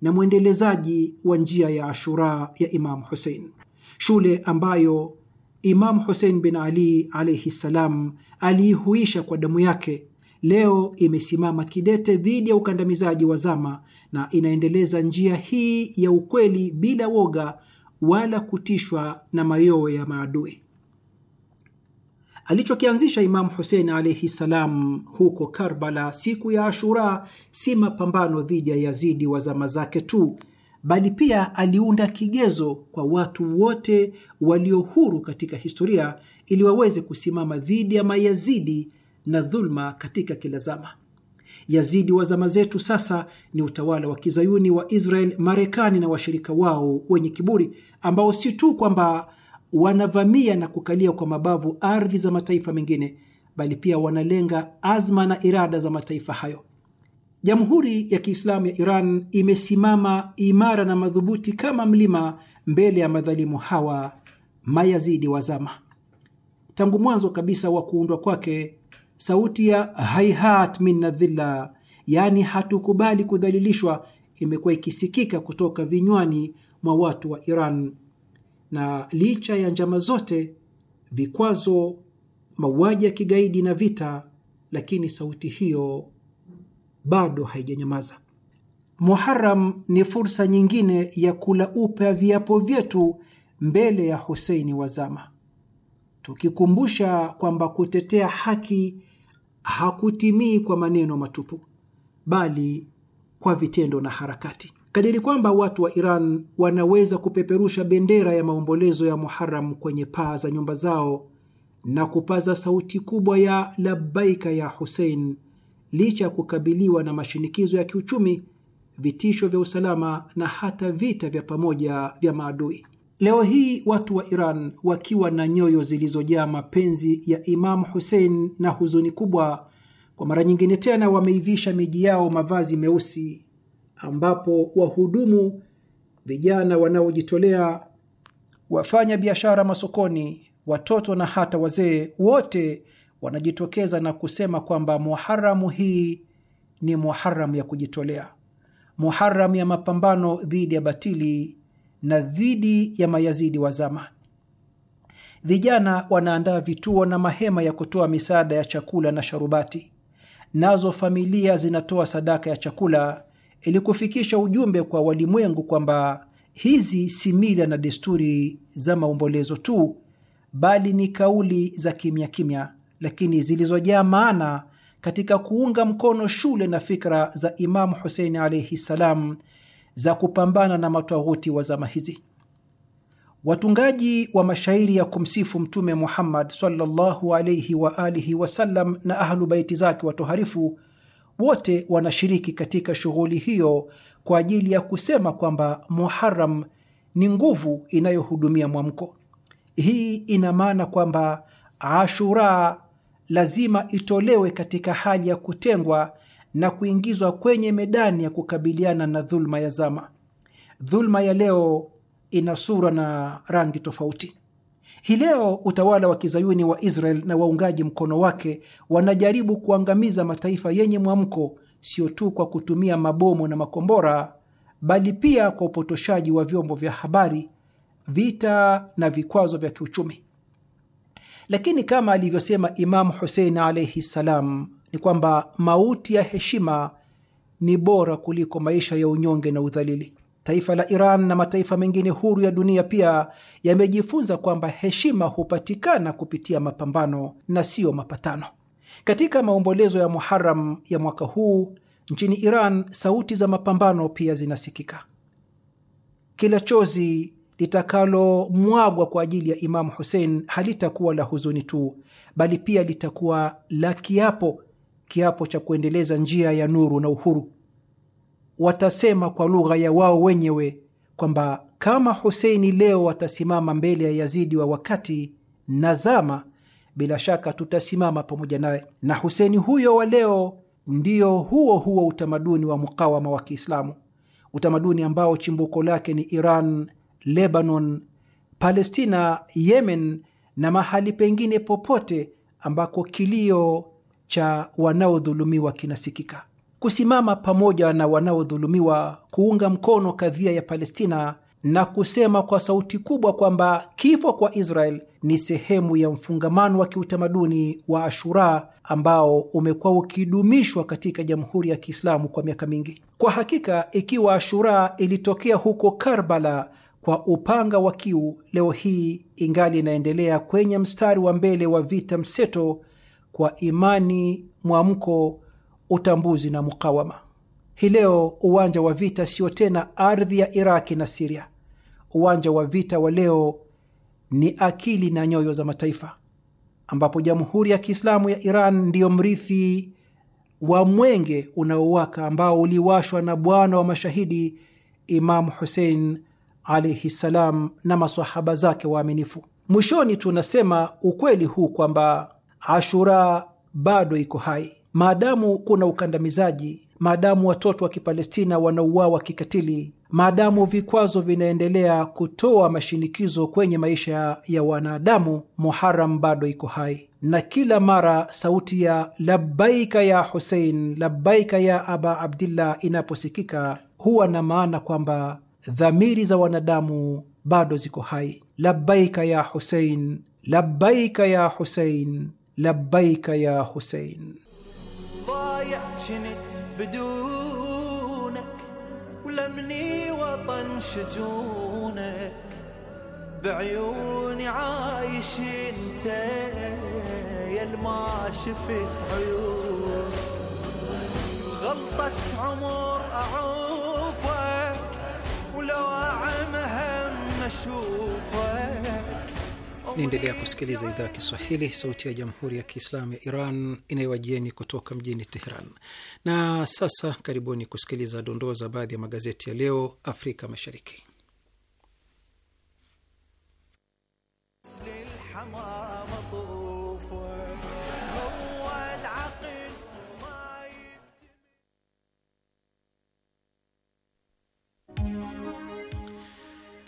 na mwendelezaji wa njia ya Ashura ya Imamu Husein, shule ambayo Imamu Husein bin Ali alaihi ssalam aliihuisha kwa damu yake leo imesimama kidete dhidi ya ukandamizaji wa zama na inaendeleza njia hii ya ukweli bila woga wala kutishwa na mayowe ya maadui. Alichokianzisha Imamu Husein alaihi ssalam huko Karbala siku ya Ashura si mapambano dhidi ya Yazidi wa zama zake tu, bali pia aliunda kigezo kwa watu wote walio huru katika historia ili waweze kusimama dhidi ya Mayazidi na dhulma katika kila zama. Yazidi wa zama zetu sasa ni utawala wa kizayuni wa Israel, Marekani na washirika wao wenye kiburi ambao si tu kwamba wanavamia na kukalia kwa mabavu ardhi za mataifa mengine, bali pia wanalenga azma na irada za mataifa hayo. Jamhuri ya Kiislamu ya Iran imesimama imara na madhubuti kama mlima mbele ya madhalimu hawa mayazidi wa zama. Tangu mwanzo kabisa wa kuundwa kwake Sauti ya haihat minna dhilla, yaani hatukubali kudhalilishwa, imekuwa ikisikika kutoka vinywani mwa watu wa Iran, na licha ya njama zote, vikwazo, mauaji ya kigaidi na vita, lakini sauti hiyo bado haijanyamaza. Muharam ni fursa nyingine ya kula upya viapo vyetu mbele ya Huseini wa Zama tukikumbusha kwamba kutetea haki hakutimii kwa maneno matupu, bali kwa vitendo na harakati. Kadiri kwamba watu wa Iran wanaweza kupeperusha bendera ya maombolezo ya Muharram kwenye paa za nyumba zao na kupaza sauti kubwa ya labbaika ya Hussein, licha ya kukabiliwa na mashinikizo ya kiuchumi, vitisho vya usalama na hata vita vya pamoja vya maadui. Leo hii watu wa Iran wakiwa na nyoyo zilizojaa mapenzi ya Imamu Hussein na huzuni kubwa, kwa mara nyingine tena wameivisha miji yao mavazi meusi, ambapo wahudumu vijana wanaojitolea, wafanya biashara masokoni, watoto na hata wazee, wote wanajitokeza na kusema kwamba Muharamu hii ni Muharamu ya kujitolea, Muharamu ya mapambano dhidi ya batili na dhidi ya Mayazidi wa zama. Vijana wanaandaa vituo na mahema ya kutoa misaada ya chakula na sharubati, nazo familia zinatoa sadaka ya chakula ili kufikisha ujumbe kwa walimwengu kwamba hizi si mila na desturi za maombolezo tu, bali ni kauli za kimya kimya, lakini zilizojaa maana katika kuunga mkono shule na fikra za Imamu Husein alaihi ssalam za kupambana na matwaghuti wa zama hizi. Watungaji wa mashairi ya kumsifu Mtume Muhammad sallallahu alayhi wa alihi wasallam na ahlu baiti zake watoharifu wote wanashiriki katika shughuli hiyo kwa ajili ya kusema kwamba Muharam ni nguvu inayohudumia mwamko. Hii ina maana kwamba Ashura lazima itolewe katika hali ya kutengwa na kuingizwa kwenye medani ya kukabiliana na dhuluma ya zama. Dhuluma ya leo ina sura na rangi tofauti. Hii leo utawala wa kizayuni wa Israel na waungaji mkono wake wanajaribu kuangamiza mataifa yenye mwamko, sio tu kwa kutumia mabomu na makombora, bali pia kwa upotoshaji wa vyombo vya habari, vita na vikwazo vya kiuchumi. Lakini kama alivyosema Imamu Husein alaihi ssalam ni kwamba mauti ya heshima ni bora kuliko maisha ya unyonge na udhalili. Taifa la Iran na mataifa mengine huru ya dunia pia yamejifunza kwamba heshima hupatikana kupitia mapambano na siyo mapatano. Katika maombolezo ya Muharam ya mwaka huu nchini Iran, sauti za mapambano pia zinasikika. Kila chozi litakalomwagwa kwa ajili ya Imamu Husein halitakuwa la huzuni tu, bali pia litakuwa la kiapo kiapo cha kuendeleza njia ya nuru na uhuru. Watasema kwa lugha ya wao wenyewe kwamba kama Huseini leo watasimama mbele ya Yazidi wa wakati na zama, bila shaka tutasimama pamoja naye, na Huseini huyo wa leo ndio huo huo utamaduni wa mukawama wa Kiislamu, utamaduni ambao chimbuko lake ni Iran, Lebanon, Palestina, Yemen na mahali pengine popote ambako kilio cha wanaodhulumiwa kinasikika. Kusimama pamoja na wanaodhulumiwa, kuunga mkono kadhia ya Palestina na kusema kwa sauti kubwa kwamba kifo kwa Israel ni sehemu ya mfungamano wa kiutamaduni wa Ashura ambao umekuwa ukidumishwa katika Jamhuri ya Kiislamu kwa miaka mingi. Kwa hakika, ikiwa Ashura ilitokea huko Karbala kwa upanga wa kiu, leo hii ingali inaendelea kwenye mstari wa mbele wa vita mseto kwa imani, mwamko, utambuzi na mukawama. Hii leo uwanja wa vita sio tena ardhi ya Iraki na Siria. Uwanja wa vita wa leo ni akili na nyoyo za mataifa, ambapo Jamhuri ya Kiislamu ya Iran ndiyo mrithi wa mwenge unaowaka ambao uliwashwa na bwana wa mashahidi Imamu Husein alaihi ssalam na masahaba zake waaminifu. Mwishoni tunasema ukweli huu kwamba Ashura bado iko hai. Maadamu kuna ukandamizaji, maadamu watoto wa Kipalestina wanauawa kikatili, maadamu vikwazo vinaendelea kutoa mashinikizo kwenye maisha ya wanadamu, Muharam bado iko hai, na kila mara sauti ya labbaika ya Husein, labbaika ya aba Abdillah inaposikika huwa na maana kwamba dhamiri za wanadamu bado ziko hai. Labbaika ya Husein, labbaika ya Husein لبيك يا حسين ضايع شنت بدونك ولمني وطن شجونك بعيوني عايش انت يا ما شفت عيونك غلطة عمر اعوفك ولو أعمهم هم اشوفك Naendelea kusikiliza idhaa ya Kiswahili, sauti ya jamhuri ya kiislamu ya Iran inayowajieni kutoka mjini Teheran. Na sasa karibuni kusikiliza dondoo za baadhi ya magazeti ya leo Afrika Mashariki.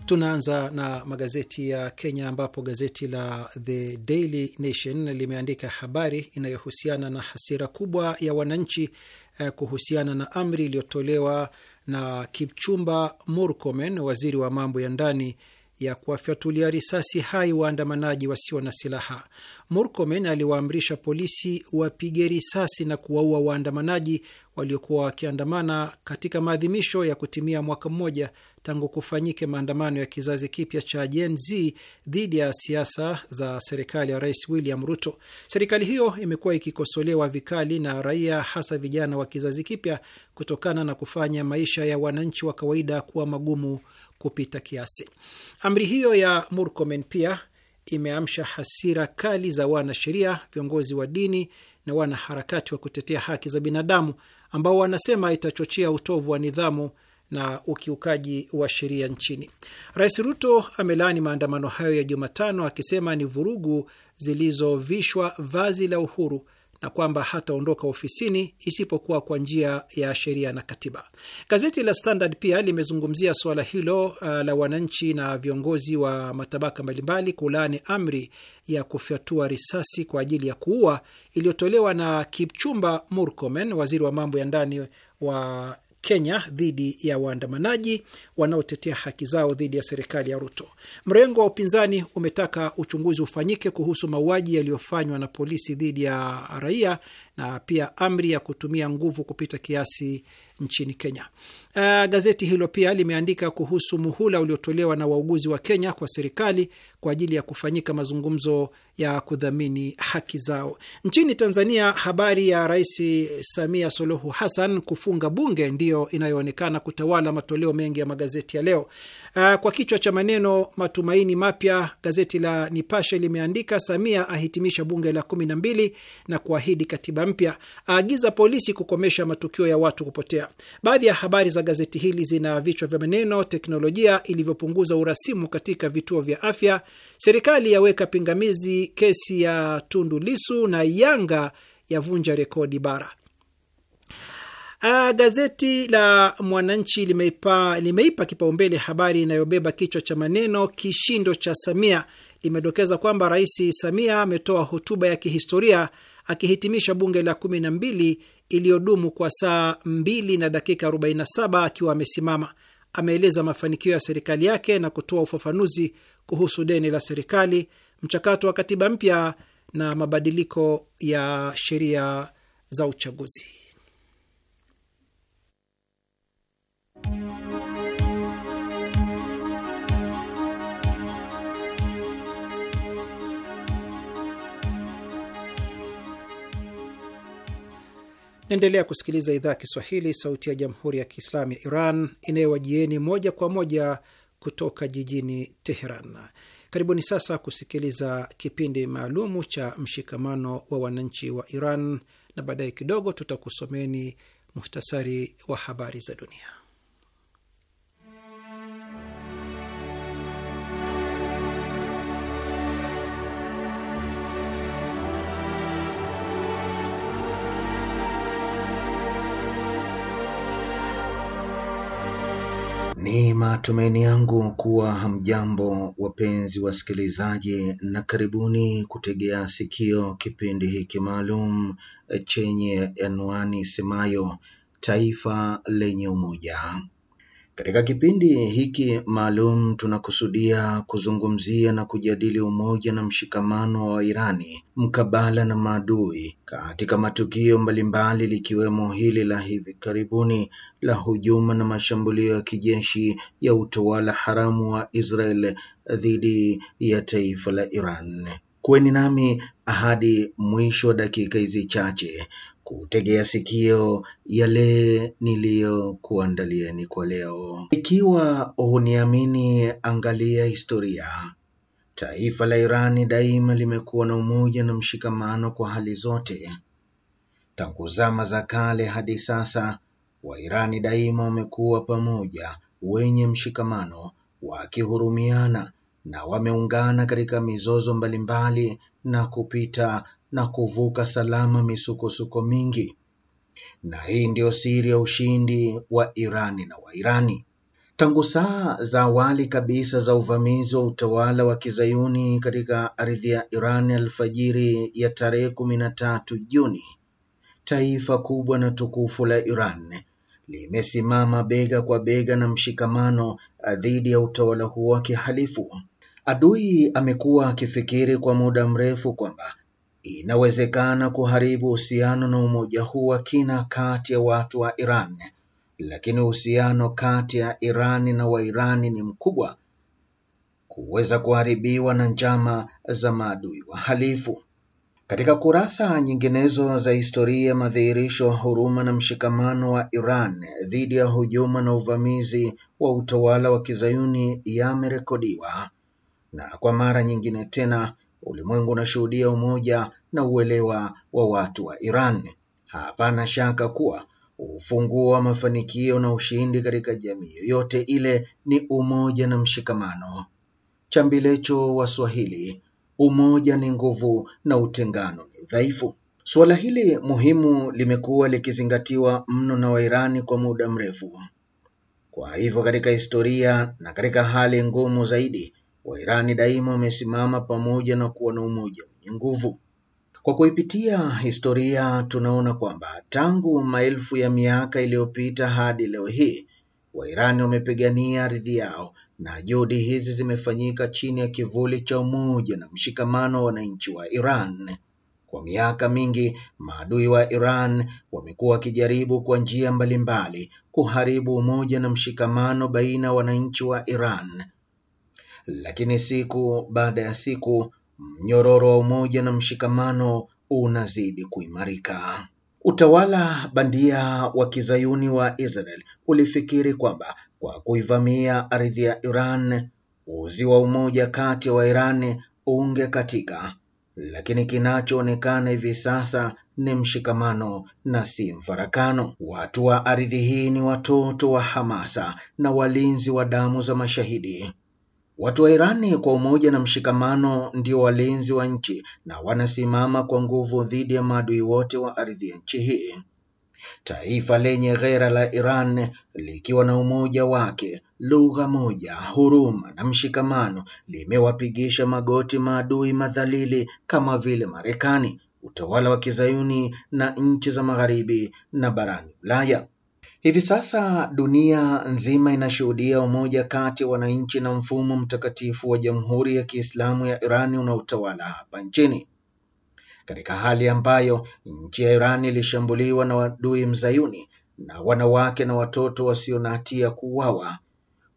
Tunaanza na magazeti ya Kenya ambapo gazeti la The Daily Nation limeandika habari inayohusiana na hasira kubwa ya wananchi eh, kuhusiana na amri iliyotolewa na Kipchumba Murkomen, waziri wa mambo ya ndani ya kuwafyatulia risasi hai waandamanaji wasio na silaha. Murkomen aliwaamrisha polisi wapige risasi na kuwaua waandamanaji waliokuwa wakiandamana katika maadhimisho ya kutimia mwaka mmoja tangu kufanyike maandamano ya kizazi kipya cha Gen Z dhidi ya siasa za serikali ya Rais William Ruto. Serikali hiyo imekuwa ikikosolewa vikali na raia, hasa vijana wa kizazi kipya, kutokana na kufanya maisha ya wananchi wa kawaida kuwa magumu kupita kiasi. Amri hiyo ya Murkomen pia imeamsha hasira kali za wanasheria, viongozi wa dini na wanaharakati wa kutetea haki za binadamu ambao wanasema itachochea utovu wa nidhamu na ukiukaji wa sheria nchini. Rais Ruto amelaani maandamano hayo ya Jumatano akisema ni vurugu zilizovishwa vazi la uhuru na kwamba hataondoka ofisini isipokuwa kwa njia ya sheria na katiba. Gazeti la Standard pia limezungumzia suala hilo uh, la wananchi na viongozi wa matabaka mbalimbali kulaani amri ya kufyatua risasi kwa ajili ya kuua iliyotolewa na Kipchumba Murkomen, waziri wa mambo ya ndani wa Kenya dhidi ya waandamanaji wanaotetea haki zao dhidi ya serikali ya Ruto. Mrengo wa upinzani umetaka uchunguzi ufanyike kuhusu mauaji yaliyofanywa na polisi dhidi ya raia na pia amri ya kutumia nguvu kupita kiasi nchini Kenya. Uh, gazeti hilo pia limeandika kuhusu muhula uliotolewa na wauguzi wa Kenya kwa serikali kwa ajili ya kufanyika mazungumzo ya kudhamini haki zao. Nchini Tanzania, habari ya Rais Samia Suluhu Hassan kufunga bunge ndiyo inayoonekana kutawala matoleo mengi ya magazeti ya leo. Uh, kwa kichwa cha maneno matumaini mapya, gazeti la Nipashe limeandika Samia ahitimisha bunge la kumi na mbili na kuahidi katiba mpya, aagiza polisi kukomesha matukio ya watu kupotea. Baadhi ya habari za gazeti hili zina vichwa vya maneno teknolojia ilivyopunguza urasimu katika vituo vya afya Serikali yaweka pingamizi kesi ya Tundu Lisu na Yanga yavunja rekodi bara. A, gazeti la Mwananchi limeipa, limeipa kipaumbele habari inayobeba kichwa cha maneno kishindo cha Samia. Limedokeza kwamba Rais Samia ametoa hotuba ya kihistoria akihitimisha bunge la kumi na mbili iliyodumu kwa saa mbili na dakika 47 akiwa amesimama. Ameeleza mafanikio ya serikali yake na kutoa ufafanuzi kuhusu deni la serikali, mchakato wa katiba mpya na mabadiliko ya sheria za uchaguzi. Naendelea kusikiliza idhaa ya Kiswahili, sauti ya jamhuri ya kiislamu ya Iran inayowajieni moja kwa moja kutoka jijini Teheran. Karibuni sasa kusikiliza kipindi maalumu cha mshikamano wa wananchi wa Iran, na baadaye kidogo tutakusomeni muhtasari wa habari za dunia. Ni matumaini yangu kuwa hamjambo wapenzi wasikilizaji, na karibuni kutegea sikio kipindi hiki maalum eh, chenye anwani semayo taifa lenye umoja. Katika kipindi hiki maalum tunakusudia kuzungumzia na kujadili umoja na mshikamano wa Irani mkabala na maadui katika matukio mbalimbali likiwemo hili la hivi karibuni la hujuma na mashambulio ya kijeshi ya utawala haramu wa Israel dhidi ya taifa la Iran. Kuweni nami hadi mwisho wa dakika hizi chache kutegea sikio yale niliyokuandalieni kwa leo. Ikiwa huniamini, angalia historia. Taifa la Irani daima limekuwa na umoja na mshikamano kwa hali zote. Tangu zama za kale hadi sasa, Wairani daima wamekuwa pamoja, wenye mshikamano, wakihurumiana na wameungana katika mizozo mbalimbali na kupita na kuvuka salama misukosuko mingi. Na hii ndiyo siri ya ushindi wa Irani na Wairani. Tangu saa za awali kabisa za uvamizi wa utawala wa kizayuni katika ardhi ya irani alfajiri ya tarehe kumi na tatu Juni, taifa kubwa na tukufu la Iran limesimama bega kwa bega na mshikamano eh, dhidi ya utawala huo wa kihalifu. Adui amekuwa akifikiri kwa muda mrefu kwamba inawezekana kuharibu uhusiano na umoja huu wa kina kati ya watu wa Iran, lakini uhusiano kati ya Irani na Wairani ni mkubwa kuweza kuharibiwa na njama za maadui wahalifu. Katika kurasa nyinginezo za historia, madhihirisho wa huruma na mshikamano wa Iran dhidi ya hujuma na uvamizi wa utawala wa kizayuni yamerekodiwa, na kwa mara nyingine tena Ulimwengu unashuhudia umoja na uelewa wa watu wa Iran. Hapana shaka kuwa ufunguo wa mafanikio na ushindi katika jamii yoyote ile ni umoja na mshikamano. Chambilecho wa Swahili, umoja ni nguvu na utengano ni udhaifu. Suala hili muhimu limekuwa likizingatiwa mno na Wairani kwa muda mrefu. Kwa hivyo, katika historia na katika hali ngumu zaidi, Wairani daima wamesimama pamoja na kuwa na umoja wenye nguvu. Kwa kuipitia historia, tunaona kwamba tangu maelfu ya miaka iliyopita hadi leo hii Wairani wamepigania ardhi yao na juhudi hizi zimefanyika chini ya kivuli cha umoja na mshikamano wa wananchi wa Iran. Kwa miaka mingi maadui wa Iran wamekuwa wakijaribu kwa njia mbalimbali kuharibu umoja na mshikamano baina ya wananchi wa Iran lakini siku baada ya siku mnyororo wa umoja na mshikamano unazidi kuimarika. Utawala bandia wa kizayuni wa Israel ulifikiri kwamba kwa kuivamia ardhi ya Iran uzi wa umoja kati wa Iran ungekatika, lakini kinachoonekana hivi sasa ni mshikamano na si mfarakano. Watu wa ardhi hii ni watoto wa hamasa na walinzi wa damu za mashahidi. Watu wa Irani kwa umoja na mshikamano ndio walinzi wa nchi na wanasimama kwa nguvu dhidi ya maadui wote wa ardhi ya nchi hii. Taifa lenye ghera la Iran likiwa na umoja wake, lugha moja, huruma na mshikamano, limewapigisha magoti maadui madhalili kama vile Marekani, utawala wa Kizayuni na nchi za Magharibi na barani Ulaya. Hivi sasa dunia nzima inashuhudia umoja kati ya wananchi na mfumo mtakatifu wa Jamhuri ya Kiislamu ya Iran unaotawala hapa nchini, katika hali ambayo nchi ya Iran ilishambuliwa na adui mzayuni na wanawake na watoto wasio na hatia kuuawa.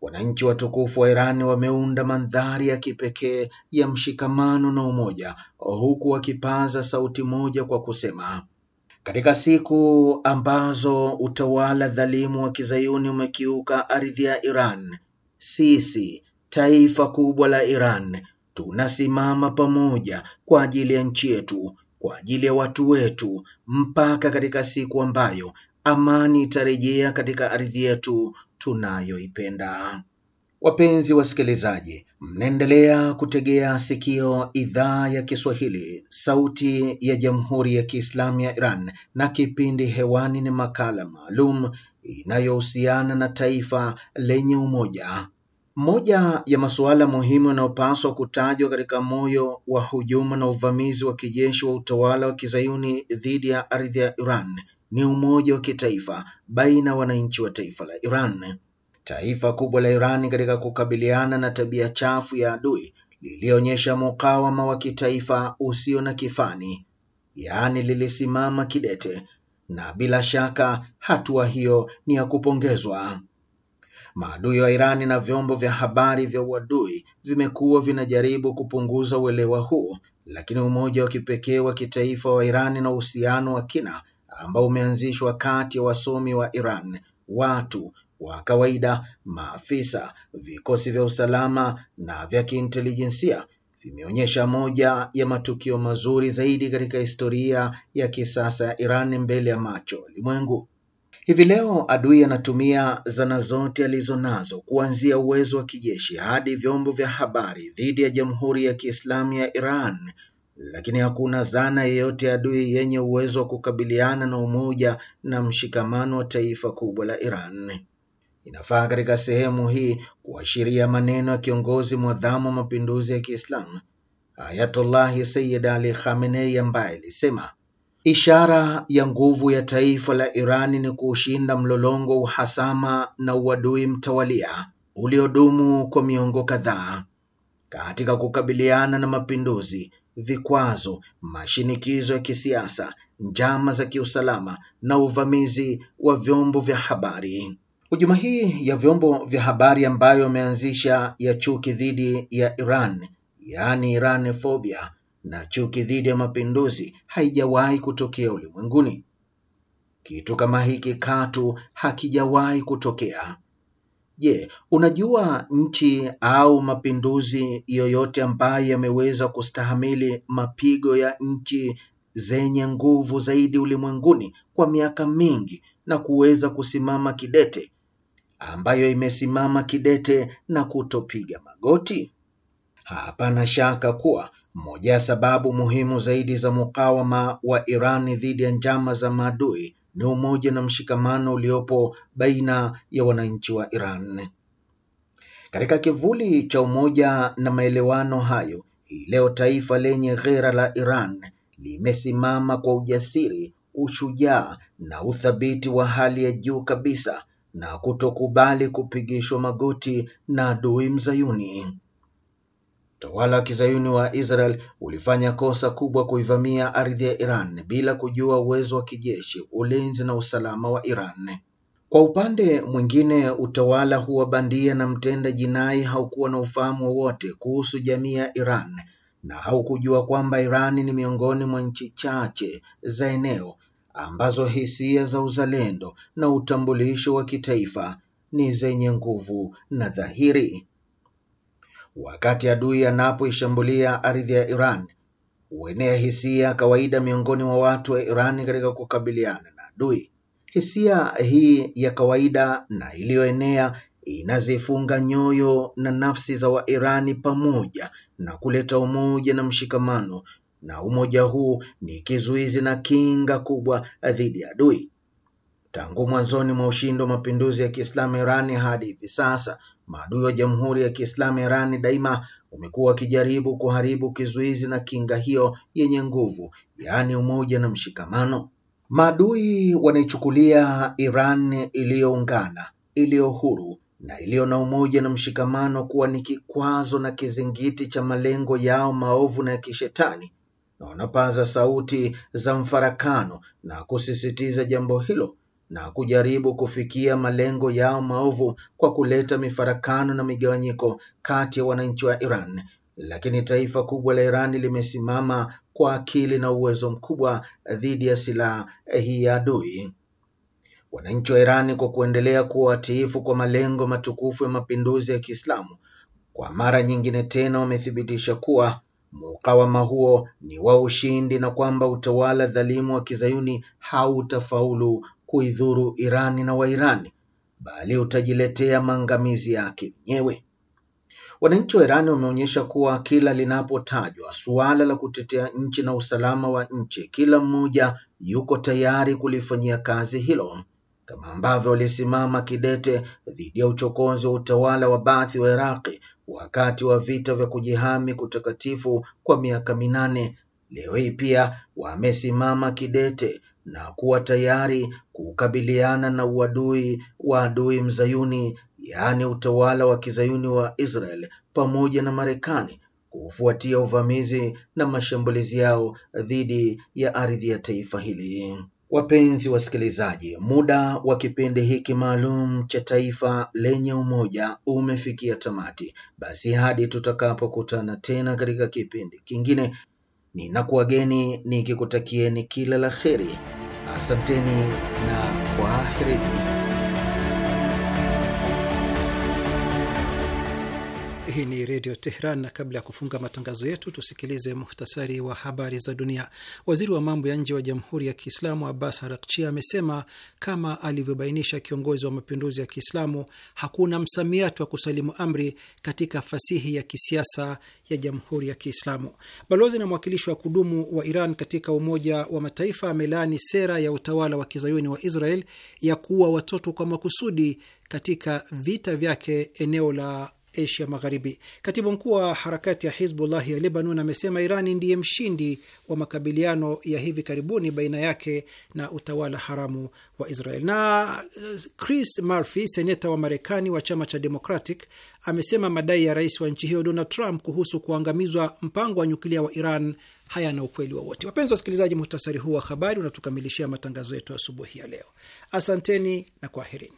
Wananchi watukufu wa Iran wameunda mandhari ya kipekee ya mshikamano na umoja, huku wakipaza sauti moja kwa kusema katika siku ambazo utawala dhalimu wa kizayuni umekiuka ardhi ya Iran, sisi taifa kubwa la Iran tunasimama pamoja kwa ajili ya nchi yetu, kwa ajili ya watu wetu, mpaka katika siku ambayo amani itarejea katika ardhi yetu tunayoipenda. Wapenzi wasikilizaji, mnaendelea kutegea sikio idhaa ya Kiswahili, sauti ya jamhuri ya kiislamu ya Iran, na kipindi hewani ni makala maalum inayohusiana na taifa lenye umoja. Moja ya masuala muhimu yanayopaswa kutajwa katika moyo wa hujuma na uvamizi wa kijeshi wa utawala wa kizayuni dhidi ya ardhi ya Iran ni umoja wa kitaifa baina ya wananchi wa taifa la Iran. Taifa kubwa la Iran katika kukabiliana na tabia chafu ya adui lilionyesha mukawama wa kitaifa usio na kifani, yaani lilisimama kidete, na bila shaka hatua hiyo ni ya kupongezwa. Maadui wa Irani na vyombo vya habari vya uadui vimekuwa vinajaribu kupunguza uelewa huu, lakini umoja wa kipekee wa kitaifa wa Irani na uhusiano wa kina ambao umeanzishwa kati ya wasomi wa Iran, watu wa kawaida, maafisa, vikosi vya usalama na vya kiintelijensia vimeonyesha moja ya matukio mazuri zaidi katika historia ya kisasa ya Iran mbele ya macho ya ulimwengu. Hivi leo adui anatumia zana zote alizonazo kuanzia uwezo wa kijeshi hadi vyombo vya habari dhidi ya Jamhuri ya Kiislamu ya Iran, lakini hakuna zana yeyote adui yenye uwezo wa kukabiliana na umoja na mshikamano wa taifa kubwa la Iran inafaa katika sehemu hii kuashiria maneno ya kiongozi mwadhamu wa mapinduzi ya Kiislamu Ayatullahi Sayyid Ali Khamenei ambaye alisema ishara ya nguvu ya taifa la Irani ni kuushinda mlolongo wa uhasama na uadui mtawalia uliodumu kwa miongo kadhaa katika kukabiliana na mapinduzi, vikwazo, mashinikizo ya kisiasa, njama za kiusalama na uvamizi wa vyombo vya habari. Hujuma hii ya vyombo vya habari ambayo imeanzisha ya chuki dhidi ya Iran, yaani Iran phobia na chuki dhidi ya mapinduzi haijawahi kutokea ulimwenguni. Kitu kama hiki katu hakijawahi kutokea. Je, unajua nchi au mapinduzi yoyote ambayo yameweza kustahamili mapigo ya nchi zenye nguvu zaidi ulimwenguni kwa miaka mingi na kuweza kusimama kidete ambayo imesimama kidete na kutopiga magoti? Hapana shaka kuwa moja ya sababu muhimu zaidi za mukawama wa Irani dhidi ya njama za maadui ni umoja na mshikamano uliopo baina ya wananchi wa Iran. Katika kivuli cha umoja na maelewano hayo, hii leo taifa lenye ghera la Iran limesimama kwa ujasiri, ushujaa na uthabiti wa hali ya juu kabisa na kutokubali kupigishwa magoti na adui mzayuni. Utawala wa kizayuni wa Israel ulifanya kosa kubwa kuivamia ardhi ya Iran bila kujua uwezo wa kijeshi, ulinzi na usalama wa Iran. Kwa upande mwingine, utawala huwa bandia na mtenda jinai haukuwa na ufahamu wowote kuhusu jamii ya Iran na haukujua kwamba Iran ni miongoni mwa nchi chache za eneo ambazo hisia za uzalendo na utambulisho wa kitaifa ni zenye nguvu na dhahiri. Wakati adui anapoishambulia ardhi ya Iran, huenea hisia kawaida miongoni mwa watu wa Iran katika kukabiliana na adui. Hisia hii ya kawaida na iliyoenea inazifunga nyoyo na nafsi za Wairani pamoja na kuleta umoja na mshikamano na umoja huu ni kizuizi na kinga kubwa dhidi ya adui. Tangu mwanzoni mwa ushindi wa mapinduzi ya Kiislamu Irani hadi hivi sasa, maadui wa Jamhuri ya Kiislamu Irani daima wamekuwa wakijaribu kuharibu kizuizi na kinga hiyo yenye nguvu, yaani umoja na mshikamano. Maadui wanaichukulia Iran iliyoungana, iliyo huru na iliyo na umoja na mshikamano kuwa ni kikwazo na kizingiti cha malengo yao maovu na ya kishetani na wanapaza sauti za mfarakano na kusisitiza jambo hilo na kujaribu kufikia malengo yao maovu kwa kuleta mifarakano na migawanyiko kati ya wananchi wa Iran. Lakini taifa kubwa la Iran limesimama kwa akili na uwezo mkubwa dhidi ya silaha hii ya adui. Wananchi wa Iran, kwa kuendelea kuwa watiifu kwa malengo matukufu ya mapinduzi ya Kiislamu, kwa mara nyingine tena wamethibitisha kuwa mukawama huo ni wa ushindi na kwamba utawala dhalimu wa kizayuni hautafaulu kuidhuru Irani na Wairani bali utajiletea maangamizi yake mwenyewe. Wananchi wa Irani wameonyesha kuwa kila linapotajwa suala la kutetea nchi na usalama wa nchi, kila mmoja yuko tayari kulifanyia kazi hilo, kama ambavyo walisimama kidete dhidi ya uchokozi wa utawala wa Baathi wa Iraqi wakati wa vita vya kujihami kutakatifu kwa miaka minane. Leo hii pia wamesimama kidete na kuwa tayari kukabiliana na uadui wa adui mzayuni, yaani utawala wa kizayuni wa Israel pamoja na Marekani kufuatia uvamizi na mashambulizi yao dhidi ya ardhi ya taifa hili. Wapenzi wasikilizaji, muda wa kipindi hiki maalum cha Taifa lenye Umoja umefikia tamati. Basi hadi tutakapokutana tena katika kipindi kingine, ninakuwageni nikikutakieni kila la heri. Asanteni na kwaherini. Hii ni Redio Teheran, na kabla ya kufunga matangazo yetu tusikilize muhtasari wa habari za dunia. Waziri wa mambo ya nje wa Jamhuri ya Kiislamu Abbas Arakchi amesema kama alivyobainisha kiongozi wa mapinduzi ya Kiislamu, hakuna msamiati wa kusalimu amri katika fasihi ya kisiasa ya Jamhuri ya Kiislamu. Balozi na mwakilishi wa kudumu wa Iran katika Umoja wa Mataifa amelaani sera ya utawala wa kizayuni wa Israel ya kuua watoto kwa makusudi katika vita vyake eneo la Asia Magharibi. Katibu mkuu wa harakati ya Hizbullah ya Lebanon amesema Irani ndiye mshindi wa makabiliano ya hivi karibuni baina yake na utawala haramu wa Israel. Na eh, Chris Murphy, seneta wa Marekani wa chama cha Democratic, amesema madai ya rais wa nchi hiyo Donald Trump kuhusu kuangamizwa mpango wa nyuklia wa Iran hayana ukweli wowote. Wa wapenzi wasikilizaji, muhtasari huu wa habari unatukamilishia matangazo yetu asubuhi ya leo. Asanteni na kwaherini.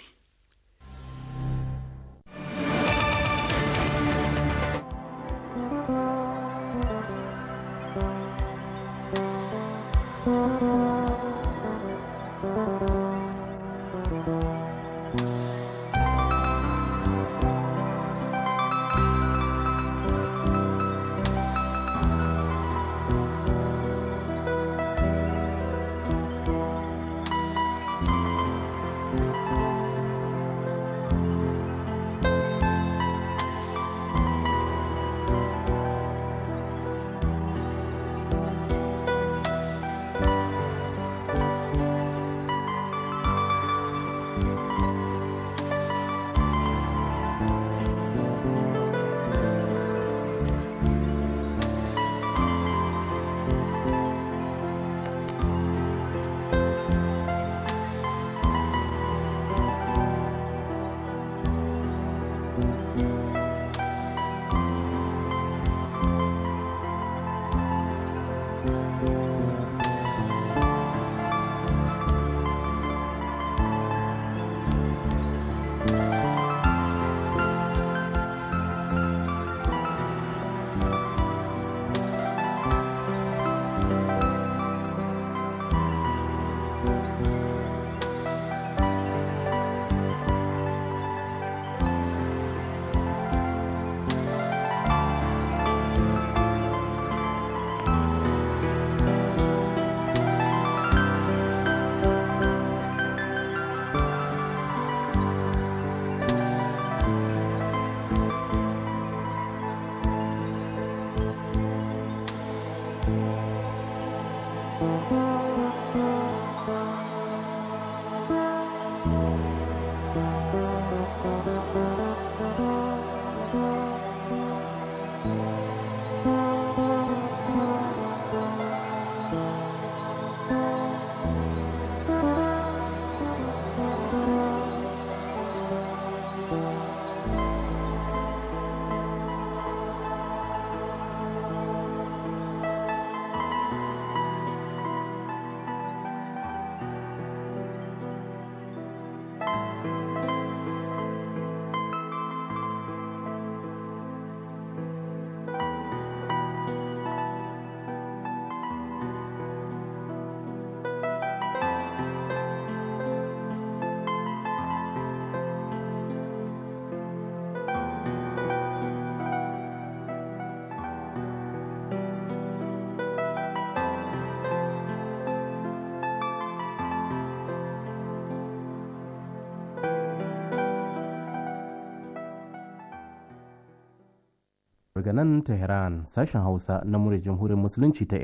daga nan Tehran sashen Hausa na muryar Jamhuriyar Musulunci ta